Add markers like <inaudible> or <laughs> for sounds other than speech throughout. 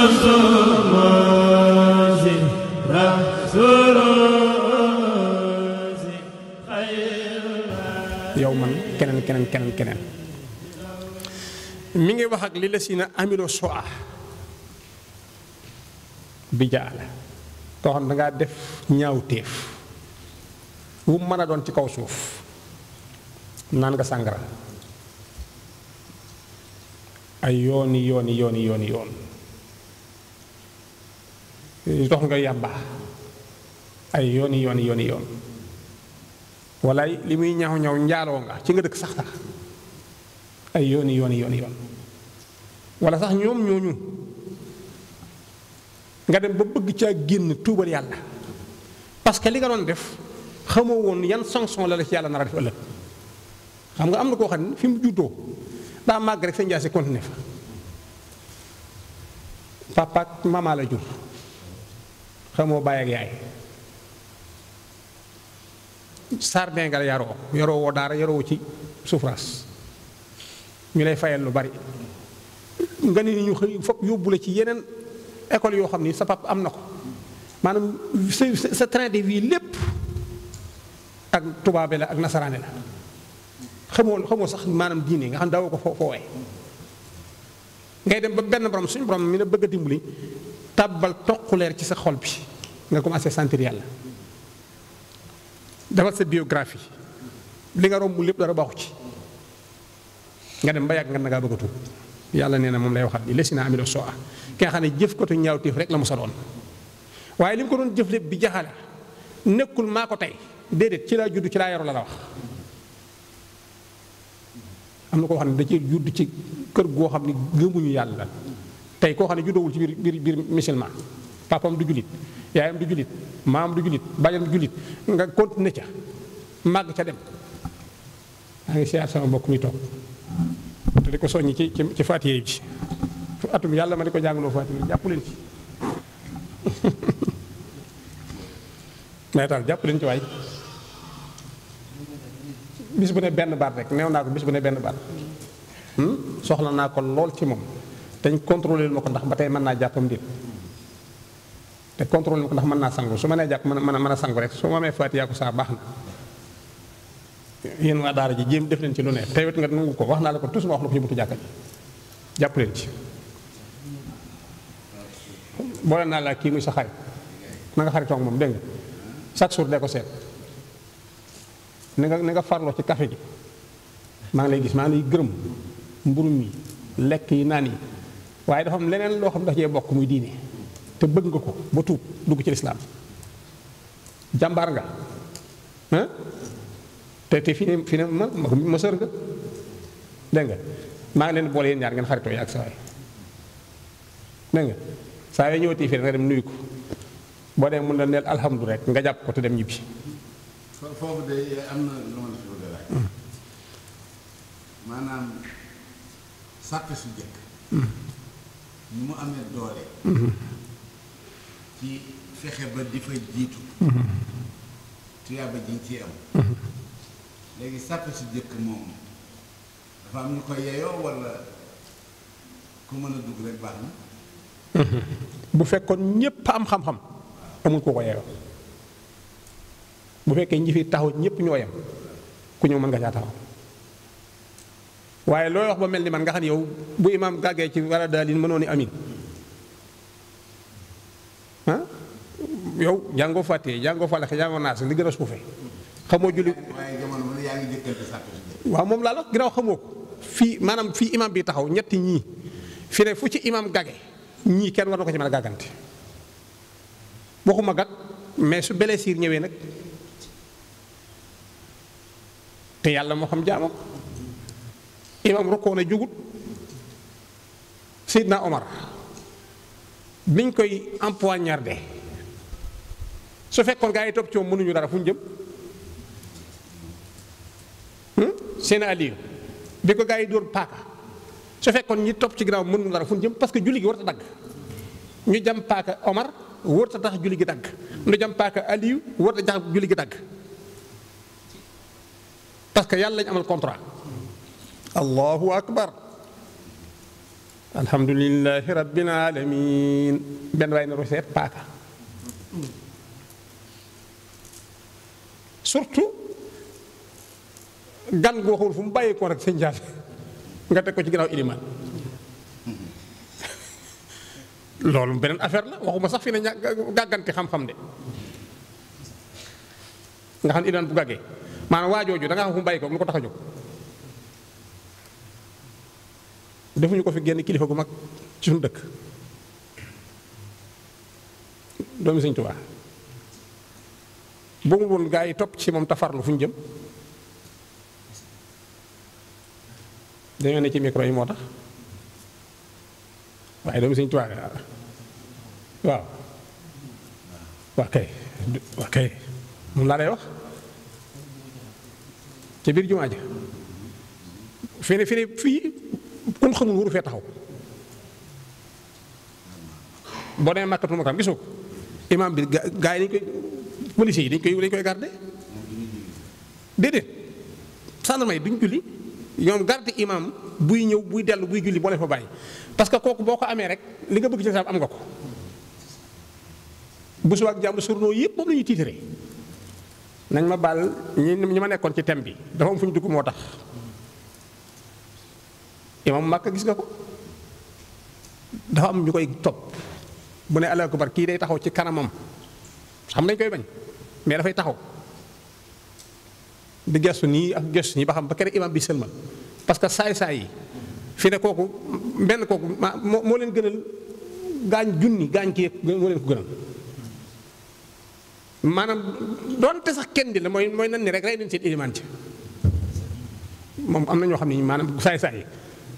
yow man keneen keneen keneen keneen mi ngi wax ak li la si na amilo soa bi jaala koo xam da ngaa def ñaawteef wu mën a doon ci kaw suuf naan nga sàngara ay yooni yooni yooni yooni yoon dox nga yamba ay yoni yoni yoni yon walay limi muy ñaaw ñaw ndialo nga ci nga dekk sax tax ay yoni yoni yoni yon wala sax ñom ñoñu nga dem ba bëgg ci génn tuubal yalla parce que li nga don def xamoo won yan sanction la la ci yalla na def ëlëk xam nga am na xam fi mu juddoo da mag rek continuer papa mama la xamoo baay ak yaay sardin nga la yaroo yaroo woo daara yaroo ci souffrance ñu lay fayal lu bari nga ni ñu xëy fopp yóbbu la ci yeneen école yoo xam ni sa pap am na ko maanaam sa sa train de vie lépp ak tubaabe la ak nasaraane la xamoo xamoo sax maanaam diine nga xam daawoo ko foo foowee ngay dem ba benn borom suñu borom mi ne bëgg a dimbali tàbbal toquleer ci sa xol bi nga commencé sentir yàlla defal sa biographie li nga romb lépp dara baaxu ci nga dem ba yàgg nga nagaa bëgg a yàlla nee na moom lay waxaat ni lesi naa amilo soo a ki nga xam ne jëf ko te rek la mu sa doon waaye li mu ko doon jëf lépp bi jaxala nekkul maa ko tey déedéet ci laa judd ci laa yaru la la wax am na koo xam ne da ci judd ci kër goo xam ne gëmuñu yàlla tey koo xam ne juddowul ci biir biir biir musulman papam du jullit yaayam du jullit maam du jullit bàyyam du jullit nga continuer ca màgg ca dem maa ngi siyaar sama mbokk mi toog te di ko soññi ci ci faatiye bi atum yàlla ma ni ko jàngaloo faatiye jàpp leen ci may <laughs> jàpp leen ci waay bis bu ne benn baat rek neew naa ko bis bu ne benn baat hmm? soxla naa ko lool ci moom dañ contrôler ma ko ndax ba tey man naa jàppam déet te contrôle ko ndax mën naa sangu su ma nee jàpp mën a mën a sangu rek su ma amee faatiyaa ko saa baax na yéen waa daara ji jéem def leen ci lu ne teewet nga nangu ko wax naa la ko tous ma wax la ko ci buntu jàkka ji jàpp leen ci boole naa la kii muy sa xarit na nga xaritoog moom dégg chaque jour de ko seet ni nga ni nga farloo ci café di maa ngi lay gis maa ngi lay gërëm mburu mi lekk yi naan yi waaye dafa am leneen loo xam dafa cee bokk muy diine te bëgg nga ko ba tuub dugg ci lislaam jàmbaar nga ah te te fi ne fi ne ma ma sër nga dégg maa ngi leen boole yéen ñaar ngeen xaritoo yi ak saa yi dégg nga saa yoo nga dem nuyu ko boo dee mun na neel alhamdu rek nga jàpp ko te dem ñibbi. fi hmm. maanaam sàppe ci fexe ba di fa jiitu tuyaaba ji ci am léegi sàpp si jëkk moom dafa am ñu ko yeyoo walla ku mën a dugg rek baax na bu fekkoon ñépp am xam-xam amul ku ko yeyoo bu fekkee ñi fi taxaw ñépp ñoo yem ku ñëw mën nga caa taxaw waaye looy wax ba mel ni man nga xam yow bu imaam gàggee ci a daal daalin mënoo ni amin yow jàngoo fàttee jàngoo falaxe jàngoo naas li gën a suufe xamoo julli waaw moom laa la ginnaaw xamoo ko fii maanaam fii imam bi taxaw ñetti ñii fi ne fu ci imam gage ñii kenn war na ko ci mën a gàggante waxuma gag mais su belee siir ñëwee nag te yàlla moo xam jaamam imam rokkoo na jugut Seydina Omar biñ koy empoignardé su fekkoon gaa yi topp ci moom mënuñu dara fu ñu jëm hmm? seen Aliou bi ko gaa yi dóor paaka su fekkoon ñi topp ci ginnaaw mënuñu dara fu ñu jëm parce que julli gi warut a dagg ñu jam paaka Omar warut a tax julli gi dagg ñu que yàlla lañ amal contrat. allahu akbar alhamdulilahi rabbil alamin benn waay na roseet paaka surtout gan gu waxul fu mu bàyyi koo rek sëñ Jaase nga teg ko ci ginnaaw ilimaan <laughs> loolu beneen affaire la waxuma sax fi ne ña gàggante xam-xam de nga xam ne ilimaan bu gàggee maanaam waa jooju da nga xam fu mu bàyyi ko lu ko tax jóg defuñu ko fi génn kilifa gu mag ci suñu dëkk doomi sëñ Tuubaa bu mu gaa yi topp ci moom tafarlu fu ñu jëm dañoo ne ci micro yi moo tax waaye doomu Sëñ Tuubaa waaw waa kay waa kay moom laa lay wax ci biir jumaa ja fi ne fi ne fii kun xamul wuru fee taxaw boo demee màkkatul ma kam gisoo ko imaam bi gaa yi dañ koy policiers yi dañ koy dañ koy garde déedéet gendarme yi duñ julli ñoom garde imam buy ñëw buy dell buy julli boo leen fa bàyyi parce que kooku boo ko amee rek li nga bëgg ci lislaam am nga ko bu suba ak jàmm surnoo yëpp moom la ñuy tiitare nañ ma baal ñi ñi ma nekkoon ci thème bi dafa am fu ñu dugg moo tax mag màkk gis nga ko dafa am ñu koy topp bu ne allahu akbar kii day taxaw ci kanamam xam nañ koy bañ mais dafay taxaw di gestu nii ak gestu nii ba xam ba kere imam bi sëlmal parce que saay-saay yi fi ne kooku benn kooku moo moo leen gënal gaañ junni gaañ kii moo leen ko gënal maanaam doonte sax kenn di la mooy mooy nan ni rek rey nañ seen moom am na xam ne maanaam saay-saay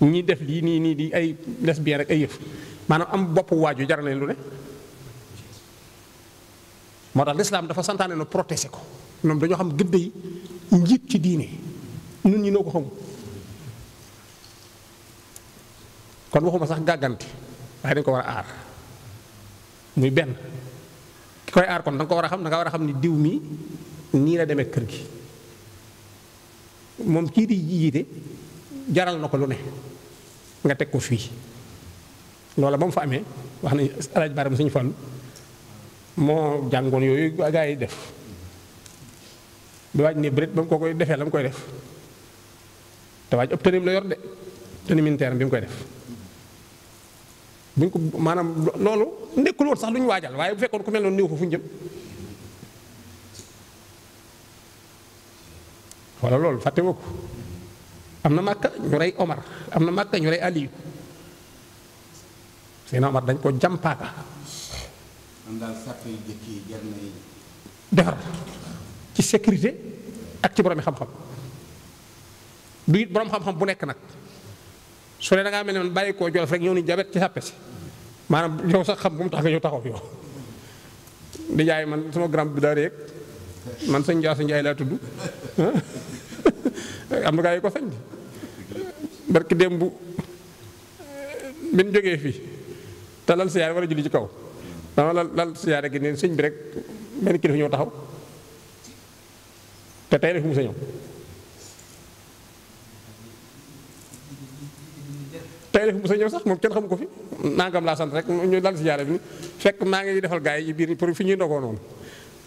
yi ñi def lii nii nii di ay lesbien rek ay yëf maanaam am boppu waaju jaral leen lu ne moo tax lislaam dafa santaane nu protéger ko ñoom dañoo xam gëdd yi njiit ci diine nun ñi noo ko xamul kon waxuma sax gàgganti waaye dañ ko war a aar muy benn ki koy aar kon da ko war a xam da war a xam ni diw mi nii la demee kër gi moom kii di jiite jaral na ko lu ne nga teg ko fii loola ba mu fa amee wax nañu alaaj baaram suñu fàllu moo jàngoon yooyu gaa yi def bi waaj ni bërit ba mu ko koy defee la mu koy def te waaj ëpp tënim la yor de tënim militaire bi mu koy def buñ ko maanaam loolu nekkul woon sax lu waajal waaye bu fekkoon ku mel noonu néew fa fu ñu walla loolu fàtte woo am na màkka ñu Omar am na màkka ñu rey Aliyu Seydina Omar dañ ko jàmpaaka man daal ci sécurité ak ci borom xam-xam du it borom xam-xam bu nekk nag su ne da ngaa mel ne man bàyyi koo jolof rek ñëw ni jabet ci sàppe si maanaam yow sax xam bu mu tax nga ñëw taxaw yow di jaay man sama grand bi daa rek man sëñ Dia sëñ Ndiaye laa tudd <laughs> am na gaa yi ko sañ barki démb bi jógee fii talal siyaar war a julli ci kaw. dama lal lal siyaare gi neen sëñ bi rek benn kilifa ñëw taxaw te tey def mu sa ñëw tey mu sa sax moom kenn xamu ko fi nangam laa sant rek ñu lal siyaare bi ni fekk maa ngi defal gaa yi ci biir pour fi ñuy ndogoo noonu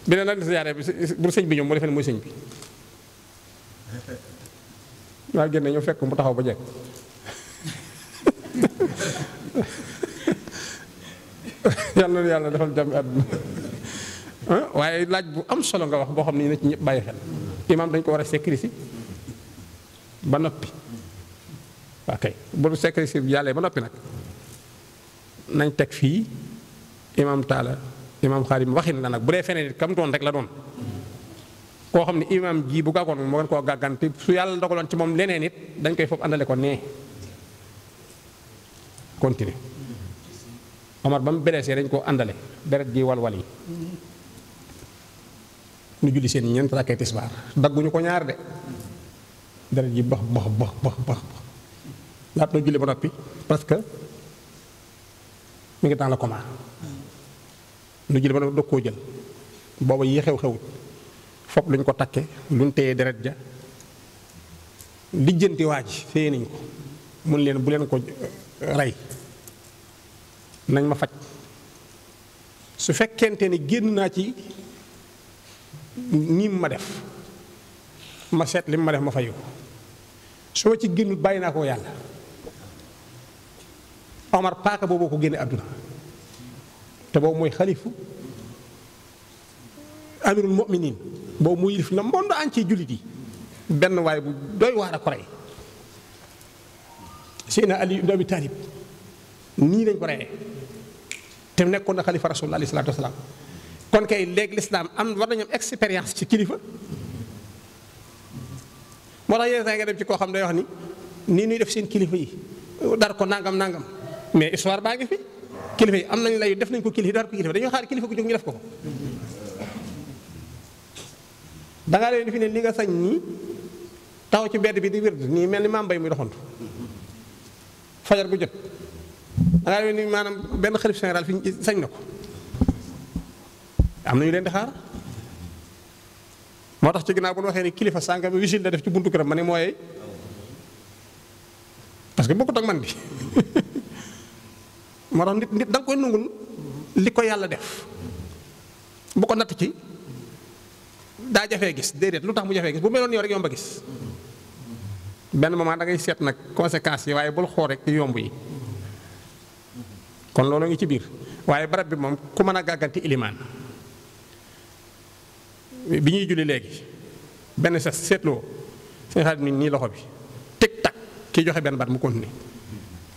bi ne lal siyaare bi bu sëñ bi ñoom moo defee ne mooy sëñ bi waaye génne ñëw fekk mu taxaw ba jekk yàlla na yàlla defal jàmmi àdduna waaye laaj bu am solo nga wax boo xam ne na ci ñëpp bàyyi xel imaam dañ ko war a sécuriser ba noppi waa kay bu sécuriser bi yàllee ba noppi nag nañ teg fii imaam taala imaam xaadim waxin la nag bu dee feneen it kam doon rek la doon koo xam ne imaam ji bu gàggoon moo gën koo gàggante su yàlla dogaloon ci moom leneen it dañ koy foofu àndale ko nee continue Omar bam mu blessé dañ koo àndale deret ji wal yi ñu julli seen ñeent tisbar daggu ñu ko ñaar dé deret ji bax bax bax bax bax la na julli ba nopi parce que mi ngi tan la coma ñu julli ba do ko jël bobu yi xew xew fop luñ ko takké luñ téyee deret ja lijeenti waji feeniñ ko mun leen bu leen ko ray nañ ma faj su fekkente ni génn naa ci ñim ma def ma seet lim ma def ma fayu su ma ci génn bàyyi naa ko yàlla Omar paaka boobu ko génne àdduna te boobu mooy xalifu amirul mu'minin boobu mu yilif na monde entier jullit yi benn waaye bu doy waar a ko rey Seydina Ali ibn Abi Talib nii lañ ko reyee te nekkoon na xalifa rasulullah alayhi salaatu wasalaam kon kay léegi lislaam am war nañu am expérience ci kilifa moo tax yenn saa nga dem ci koo xam day wax ni nii nuy def seen kilifa yi dar ko nangam nangam mais histoire baa ngi fi kilifa yi am nañ lay def nañ ko kilifa dar ko kilifa dañoo xaar kilifa gu jóg ñu def ko ko dangaa leen fi nga sañ nii taw ci mbedd bi di wér nii mel ni maam mbay muy doxantu fajar bu jot xanaa ne ni maanaam benn xalif général fi sañ na ko am nañu leen di xaar moo tax ci ginnaaw bu ñu waxee ni kilifa sànga bi vigile la def ci buntu këram ma ne mooy parce que bokkut ak man bi <laughs> moo tax nit nit da nga koy nungul li ko yàlla def bu ko natt ci daa jafee gis déedéet lu tax mu jafee gis bu meloon yow rek yomb a gis benn moment da ngay seet nag conséquences yi waaye bul xool rek yomb yi. kon looloo ngi ci biir waaye barab bi moom ku mën a gàgganti ilimaan bi ñuy julli léegi benn sa seetloo seen xarit mi nii loxo bi tig tak ki joxe benn baat mu kon ni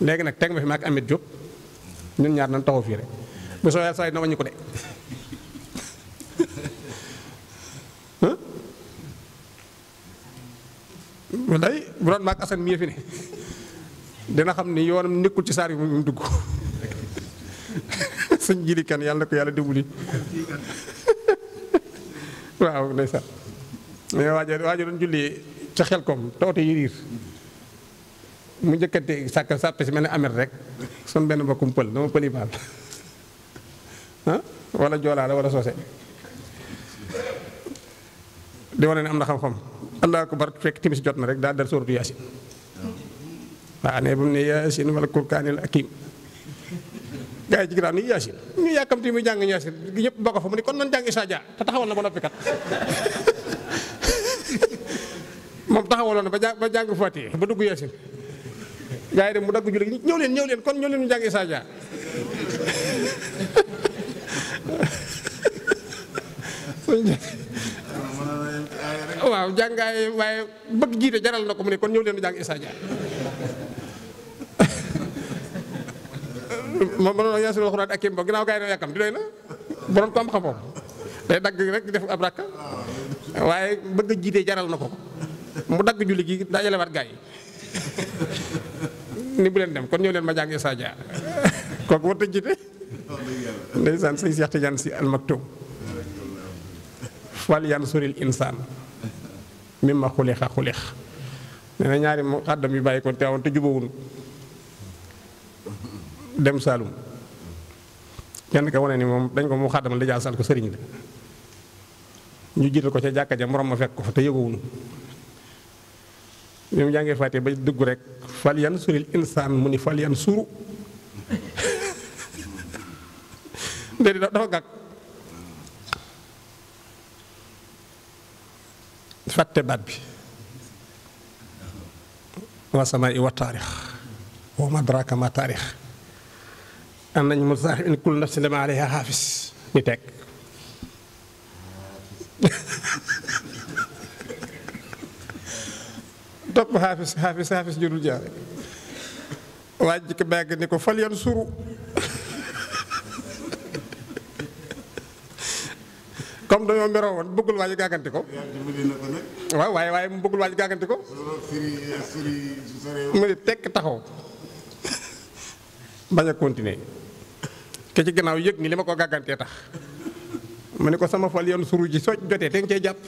léegi nag teg ma fi ma ak Amet Diop ñun ñaar nañ taxaw fii rek bu soo yaay saa ko de wallaay <laughs> bu doon maag Asan mi fi ne <laughs> dina xam ni yoonam nekkul ci saar yu mu dugg sëñ jili kan yàlla na ko yàlla dimbali <laughs> waaw ndeysaan mais waajo waajo doon julli ca xel kom te oto yi mu njëkkante sàkk sàppe si mel ne amet rek sun benn mbokkum pël dama pëli baal <laughs> ah wala joolaa soose di wane ne am na xam-xam allahu akbar fekk timis jot na rek daal dal sóoratu yaasin waaw ne ba mu ne yaasin wala kurkaanil akim gaa iya ci ginnaaw ni yaasin ñu yàkkamti muy jàng yasin gi ñep bako fa mu ni kon nañ jang isa ja te taxawal na <laughs> mo nopi kat mom taxawal na ba jang fati ba iya dugg yasin gaa yi dem mu dagg julli ñew leen ñew leen kon ñëw leen jang jàng isa ja <laughs> waaw jangay waye bëgg jité jaral nako mu ni kon ñew leen jang jàng isa ja moom mënoon a yaasul alxuraan ak kéem ba ginnaaw gaa yi doon yàkkam di doy na borom ko am xam-xam day dagg rek di def ab rakka waaye bëgg a jiite jaral na ko mu dagg julli gi dajale waat gaa yi ni bu leen dem kon ñëw leen ma jàng Issa Dia kooku warut a jiite. ndeysaan sëñ Cheikh Tidiane si almaktum fal yansuril insaan mimma xulixa xulix nee na ñaari mu xàddam yu bàyyi ko teewoon te jubawuñu dem Saalum kenn ka woné ni mom dañ ko mu xàddamal di jaasal ko sëriñ ñu jittal ko ci jakka ja morom ma fekk ko te yëgowunu ñu mu jàngee ba dugg rek fal yan suril insaan mu ni fal yan suru dari do gak fàtte bat bi wa sama'i wa tarikh wa madraka ma tarikh am nañ mu saax in kul nafsin dama alayha xaafis ñu teg topp xaafis xaafis xaafis jurul jaare waaj ko bàgg ni ko fal yan suru comme dañoo meroo woon bëggul waaj gàgganti ko waaw waaye waaye mu bëggul waaj gàgganti ko mu ni tekk taxaw bañ a continuer te ci gannaaw yëg ni li ma ko gàggante tax ma ne ko sama fal yoon suru ji soo jotee te nga cee jàpp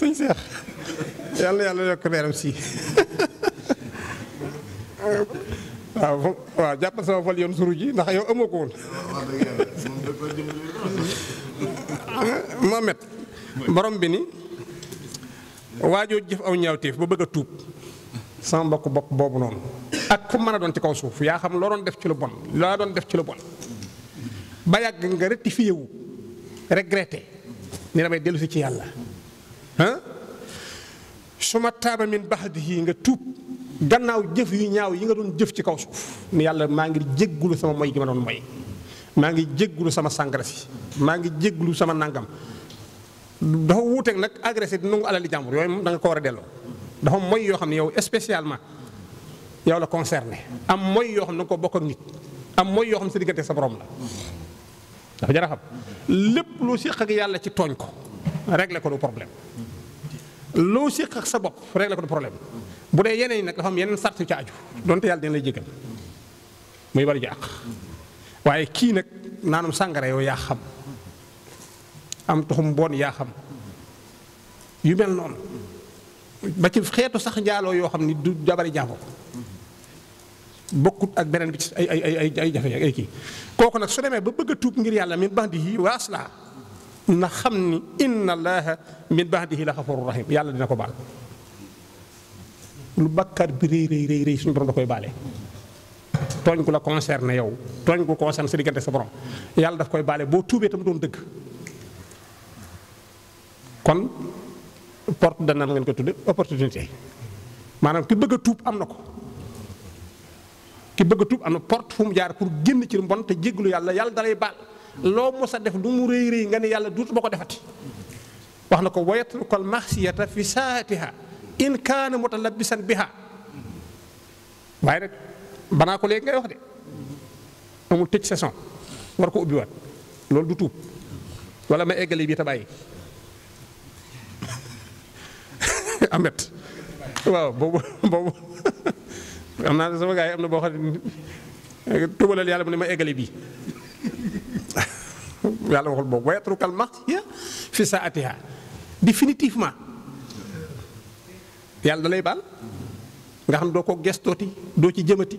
suñ seex yàlla yàlla yokk leeram si waaw waaw sama fal yoon suru ji ndax yow amoo ko woon Mohamed borom bi ni waajoo jëf aw ñaawteef ba bëgg tuub sama mbokk bopp boobu noonu ak ku mën a doon ci kaw suuf yaa xam loo doon def ci lu bon loo doon def ci lu bon ba yàgg nga rectifié wu regretté ni damay dellu si ci yàlla ah su ma taaba min baxdihi nga tuub gannaaw jëf yu ñaaw yi nga doon jëf ci kaw suuf ni yàlla maa ngi jéggulu sama moy gi ma doon moy maa ngi jéggulu sama sàngara si maa ngi jéggulu sama nangam dafa wuuteeg nag agressé di nangu alali jàmbur yooyu moom da nga ko war a delloo dafa am mooy yoo xam ne yow spécialement yow la concerné am mooy yoo xam ne da nga ko bokk ak nit am mooy yoo xam ne sa diggante sa borom la dafa jar a xam lépp lu siq ak yàlla ci tooñ ko réglé ko du problème lu siq ak sa bopp réglé ko du problème bu dee yeneen yi nag dafa am yeneen sart yu ca aju donte yàlla dina lay jégal muy bari jàq waaye kii nag naanum sàngara yow yaa xam am tuxum bon yaa xam yu mel noonu ba ci xeetu sax njaaloo yoo xam ni du jabari jàngo bokkut ak beneen bi ci ay ay ay ay jafe ay kii kooku nag su demee ba bëgg a tuub ngir yàlla min ba'dihi wa aslaa na xam ni inna allaha min ba'dihi la xafuru rahim yàlla dina ko baal lu bakkaar bi rëy rëy rëy suñu borom da koy baale tooñ gu la na yow tooñ gu concerne sa diggante sa borom yàlla daf koy baale boo tuubee tam doon dëgg kon porte dana ngeen ko tudd opportunité maanaam ki bëgg tuub am na ko ki bëgg tuub am na port fu mu jaar pour génn ci mbon te jéggalu yàlla yàlla dalay baal loo mos a def lu mu rëy rëy nga ne yàlla duutu ba ko defat wax na ko wayatrukal maxsiyata fi saatiha in kaana mutalabisan biha waaye nag banaa ko léegi ngay wax de amul tëj saison war ko ubbiwaat loolu du tuub wala ma eggale bi te bàyyi amet waaw boobu boobu xam naa ne sama gars yi am na boo xam ne tubalal yàlla mu ne ma eggale bii yàlla ma waxul boobu wayatrukal martiya fi saatiha définitivement yàlla da lay baal nga xam doo ko gestooti doo ci jëmati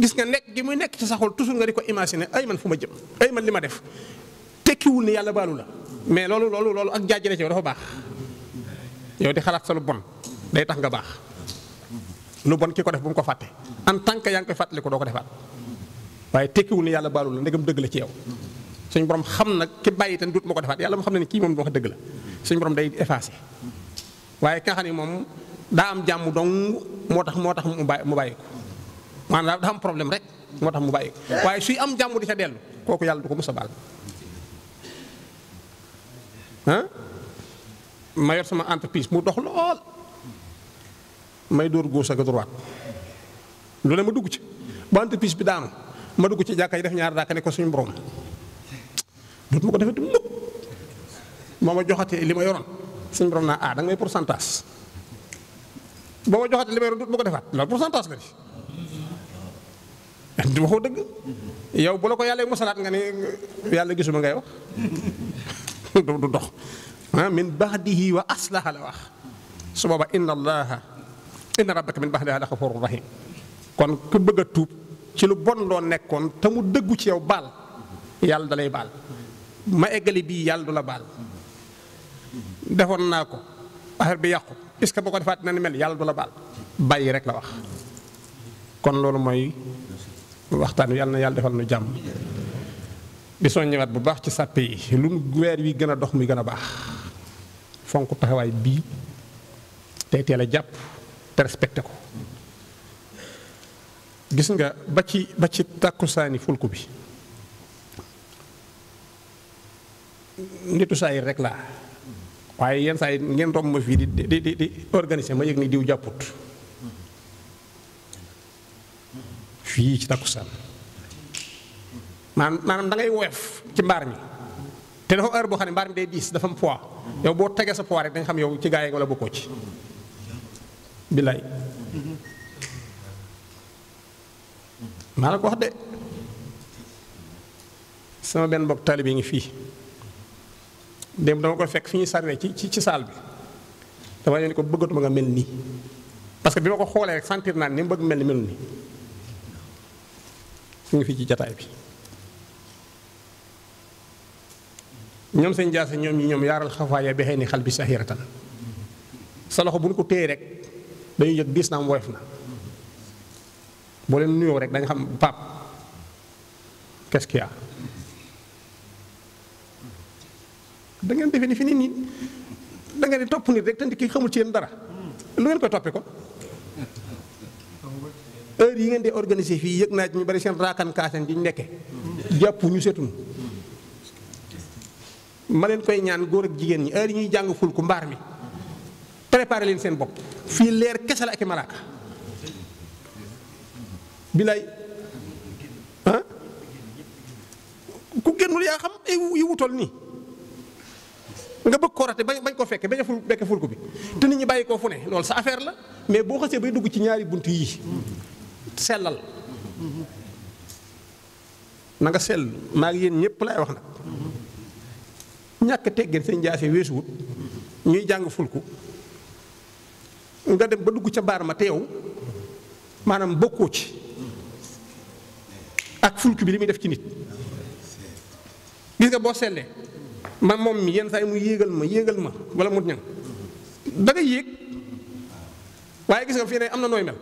gis nga nekk gi muy nekk ci sa xol toujours nga di ko imaginer ay man fu ma jëm ay man li ma def tekkiwul ne yàlla baalu la mais loolu loolu loolu ak jaajëre ci dafa baax yow di xalaat sa lu bon day tax nga baax lu bon ki ko def bu mu ko fàtte en tant que yaa ngi koy fàttaliku doo ko defaat waaye tekkiwul ni yàlla baalu la ndegam dëgg la ci yow suñu borom xam nag ki bàyyi te dut ma ko defaat yàlla moo xam ne ni kii moom wax dëgg la suñu borom day effacé waaye ki nga moom daa am jàmm dong moo tax moo tax mu bàyyi mu bàyyi ko maanaam daa am problème rek moo tax mu bàyyi ko waaye suy am jàmm di ca dellu kooku yàlla du ko mës a baal mayor sama entreprise mu dox lol may dóor gauche ak droite lu ne ma dugg ci ba entreprise bi daanu ma dugg ci jàkka def ñaar dàkk ne ko suñu borom dootu ma ko defati mukk moo ma joxatee li ma yoroon suñu borom na a ah, da ngay pourcentage boo ma joxatee li ma yoroon dootu ma ko defaat loolu pourcentage la di di waxoo dëgg yow bu la ko yàlla musalaat nga ni yalla gisuma ngay wax <laughs> du dox Ah, min baxdihi wa aslaha la wax su booba inna allaha inna rabbaka min baxdiha la xafurun rahim kon ku bëgg a tuub ci lu bon loo nekkoon te mu dëggu ci yow baal yàlla da baal ma eggali bii yàlla du la baal defoon naa ko affaire bi yàqu est ce que boo ko defaat na ni mel yàlla du la baal bàyyi rek la wax kon loolu mooy waxtaan wi yàlla na yàlla defal nu jàmm di soo ñëwaat bu baax ci sàppe yi lu weer wi gën a dox muy gën a baax fonk taxawaay bii tey teel a jàpp te ko gis nga ba ci ba ci tàkkusaani fulku bi nitu saa yi rek laa waaye yenn saa yi ngeen romb ma fii di di di di organiser ma yëg ni diw jàpput fii ci tàkkusaan maanaam maanaam da ngay woyof ci mbaar mi te dafa heure boo xam ne mbaar mi day diis dafa am poids yow boo tegee sa poids rek da nga xam yow ci gaa yi wala bokkoo ci billaay maa la ko wax de sama benn mbokk tali ngi fii démb dama koy fekk fi ñuy sarwee ci ci saal bi dama leen ko bëggatuma nga mel nii parce que bi ma ko xoolee rek sentir naa ni mu bëgg mel ni melul nii fi ngi fii ci jataay bi ñoom jaar jaase ñoom ñi ñoom yaaral xafaaya bexee ni xal bi sahiratan sa loxo bu ñu ko téyee rek dañuy yëg diis na am woyof na boo leen nuyoo rek dañ xam pap qu'est-ce qu'il ni fi ni ñi da ngeen di topp nit rek tant ki xamul ci yéen dara lu ngeen koy toppee ko heure yi ngeen di organiser fii yëg naa ñi bari seen raakan kaasan ji ñu nekke jàpp ñu setun ma leen koy ñaan góor ak jigéen ñi heure yi ñuy jàng ful ku mbaar mi préparé leen seen bopp fii leer kese la ak i malaaka bilaay ah ku génnul yaa xam ay wutal nii nga bëgg ko rate bañ ko fekke bañ ful bekke ful ko bi te nit ñi bàyyi koo fu ne loolu sa affaire la mais boo xasee bay dugg ci ñaari bunt yii sellal nanga nga sell maa ngi yéen ñëpp laay wax nag ñàkk a teggin sëñ jaase weesuwut ñuy jàng fulku nga dem ba dugg ca baar ma te yow maanaam bokkoo ci ak fulku bi li muy def ci nit gis nga boo sellee man moom mi yenn saa yi mu yéegal ma yéegal ma wala mu ñan da ngay yéeg waaye gis nga fii ne am na nooy mel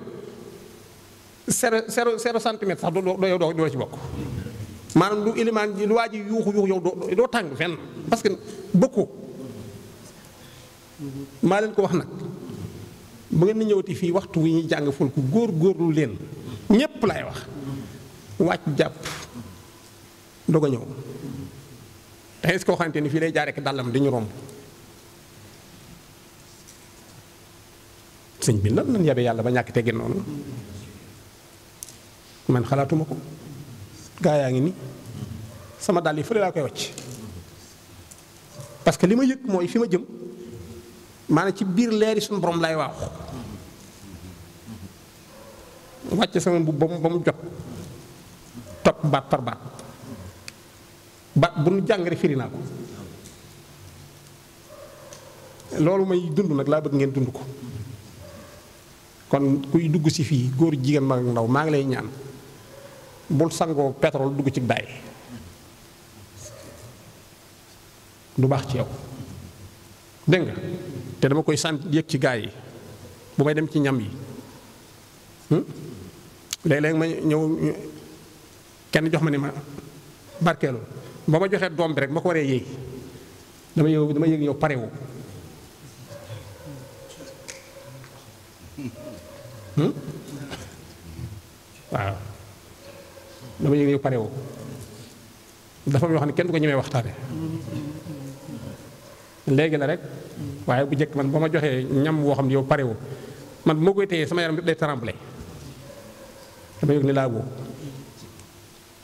zéro zéro zéro centimètre sax doo doo yow doo ci bokk maanaam lu ilimaan lu waa ji yuuxu yuuxu yow doo tàng fenn parce que beaucoup maa leen ko wax nag bu ngeen di fii waxtu wi ñuy jàng ful ku góor góorlu leen ñépp laay wax wàcc jàpp doog a ñëw te is koo xamante ni fii lay jaar rek dàllam di romb sëñ bi nan nan yabe yàlla ba ñàkk teggin noonu man xalaatuma ko gaa yaa ngi ni sama dàll yi fële laa koy wàcc parce que li ma yëg mooy fi ma jëm maanaam ci biir leer leeri suñu borom lay waaxu wàcc sama mbubb ba mu jot topp baat par baat baat bu nu jàng rek naa ko loolu may dund nag laa bëgg ngeen dund ko kon kuy dugg si fii góor jigéen mag ak ndaw maa ngi lay ñaan bul sangoo pétrole dugg ci daay du baax ci yow dégg nga te dama koy sant yëg ci gaa yi bu may dem ci ñam yi hmm? léeg ma ñëw kenn jox ma ni ma barkeelu ba ma joxee doom bi rek ma ko waree yéey dama yow dama yëg yow parewu hmm? waaw dama yëg yow parewu dafa xam ne kenn du ko ñemee waxtaane léegi la rek waaye bu njëkk man ba ma joxee ñam woo xam ne yow pare woo man bu ma koy téyee sama yaram bi day tremble dama yëg laa boobu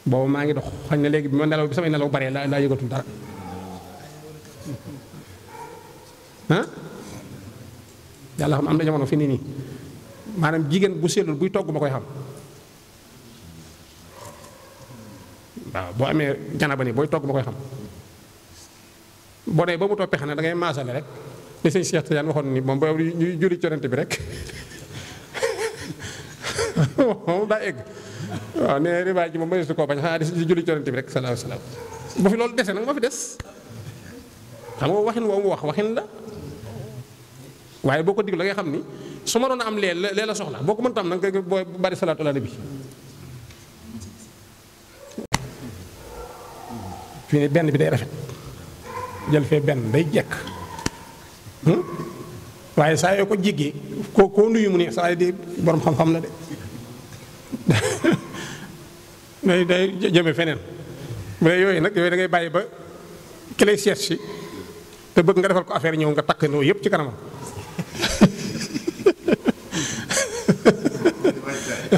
boobu maa ngi dox xañ na léegi bi ma nelaw bi samay nelaw baree laa laa yëgatul dara ah yàlla xam am na jamono fi nii nii maanaam jigéen bu sellul buy togg ma koy xam waaw boo amee janaba ni booy togg ma koy xam bone nee ba mu toppee xam da ngay masalé rek ni sëñ Cheikh Tidiane waxon ni mom ba ñuy julli corante bi rek moom daa egg waaw nee ribaay ji moom wahin, ko bañ xanaa di julli corante bi rek salaahu salaam bu fi loolu déssé nak ma fi des xam nga waxin wo mu wax waxin la waye boko diglu ngay xam ni su ma doon am lee lee la soxla boko mën tam nak nag bari salatu ala nabi fini ben bi day rafet jël fee benn day jekk hmm? waaye saa yoo ko jiggi koo koo nuyu mu ne saa yi di borom xam-xam la de <laughs> day day jëme feneen bu dee yooyu nag yooyu da ngay bàyyi ba ki seet si te bëgg nga defal ko affaire ñëw nga takk noo yëpp ci kanamam <laughs>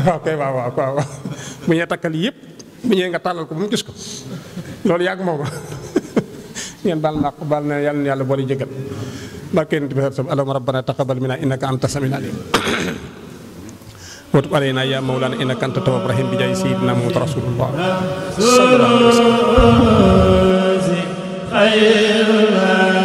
waaw waaw waaw waaw <laughs> bu ñee takkal yëpp bu ñee nga tàllal ko ba mu gis ko loolu yàgg moo yang baal naq yang na yàlla na yàlla boole jëgal barkeen bi xersam allahumma rabbana taqabbal minna innaka antas samiul alim wa علينا ya maulana innaka antat tawwab rahim bi jay rasulullah sallallahu alaihi wasallam